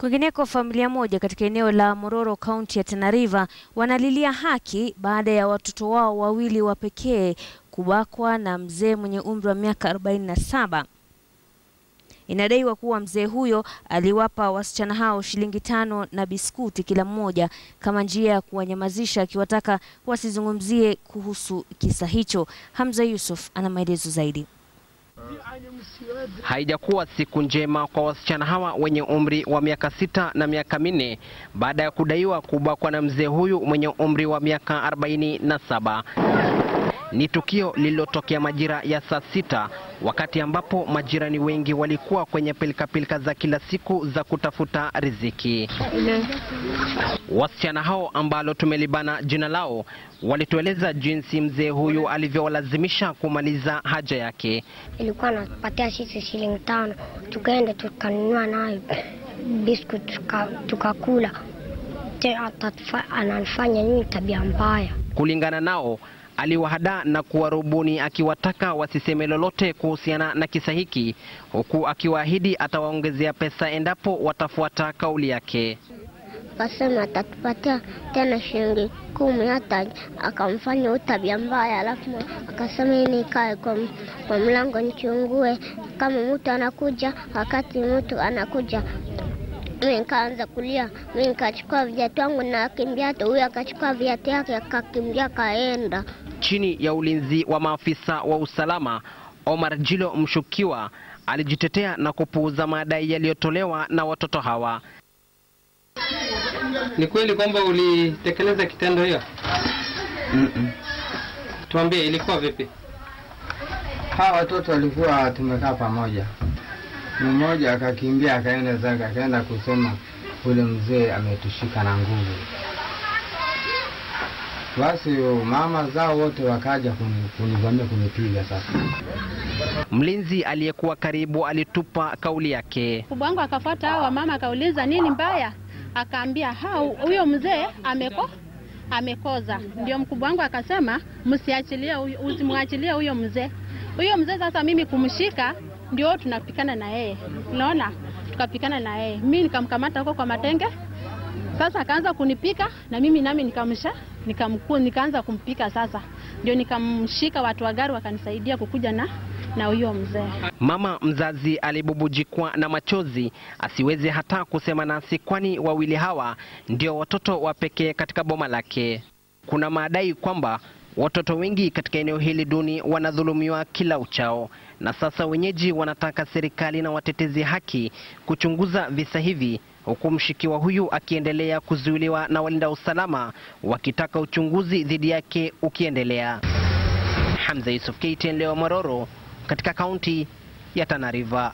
Kwingineko, familia moja katika eneo la Mororo kaunti ya Tana River wanalilia haki baada ya watoto wao wawili wa pekee kubakwa na mzee mwenye umri wa miaka 47. Inadaiwa kuwa mzee huyo aliwapa wasichana hao shilingi tano na biskuti kila mmoja kama njia ya kuwanyamazisha, akiwataka wasizungumzie kuhusu kisa hicho. Hamza Yusuf ana maelezo zaidi. Haijakuwa siku njema kwa wasichana hawa wenye umri wa miaka sita na miaka minne baada ya kudaiwa kubakwa na mzee huyu mwenye umri wa miaka arobaini na saba. Ni tukio lililotokea majira ya saa sita wakati ambapo majirani wengi walikuwa kwenye pilikapilika za kila siku za kutafuta riziki. Wasichana hao ambalo tumelibana jina lao walitueleza jinsi mzee huyu alivyowalazimisha kumaliza haja yake. Ilikuwa anapatia sisi shilingi tano tukaenda tukanunua nayo biskuti tukakula, anafanya nini tabia mbaya. Kulingana nao aliwahada na kuwarubuni akiwataka wasiseme lolote kuhusiana na kisa hiki, huku akiwaahidi atawaongezea pesa endapo watafuata kauli yake. Akasema atatupatia tena shilingi kumi, hata akamfanya utabia mbaya, alafu akasema hii nikae kwa, kwa mlango nichungue kama mtu anakuja, wakati mtu anakuja mimi nikaanza kulia. Mimi nikachukua viatu wangu na akimbia, hata huyo akachukua viatu yake akakimbia kaenda. Chini ya ulinzi wa maafisa wa usalama, Omar Jilo mshukiwa alijitetea na kupuuza madai yaliyotolewa na watoto hawa. Ni kweli kwamba ulitekeleza kitendo hiyo? Mm -mm. Tuambie, ilikuwa vipi? Hawa watoto walikuwa tumekaa pamoja mmoja akakimbia akaenda zake, akaenda kusema ule mzee ametushika na nguvu. Basi mama zao wote wakaja kunivamia kunipiga. Sasa mlinzi aliyekuwa karibu alitupa kauli yake. wangu akafuata hao wamama, akauliza nini mbaya, akaambia hao huyo mzee ameko amekoza. Ndio mkubwa wangu akasema msiachilie, usimwachilie huyo mzee. Huyo mzee sasa mimi kumshika ndio tunapikana na yeye, unaona, tukapikana na yeye. Mi nikamkamata huko kwa matenge, sasa akaanza kunipika na mimi nami nikamsha nikamku, nikaanza kumpika sasa, ndio nikamshika, watu wa gari wakanisaidia kukuja na na huyo mzee. Mama mzazi alibubujikwa na machozi asiweze hata kusema nasi, kwani wawili hawa ndio watoto wa pekee katika boma lake. Kuna madai kwamba Watoto wengi katika eneo hili duni wanadhulumiwa kila uchao, na sasa wenyeji wanataka serikali na watetezi haki kuchunguza visa hivi, huku mshikiwa huyu akiendelea kuzuiliwa na walinda usalama wakitaka uchunguzi dhidi yake ukiendelea. Hamza Yusuf, KTN, leo Mororo, katika kaunti ya Tana River.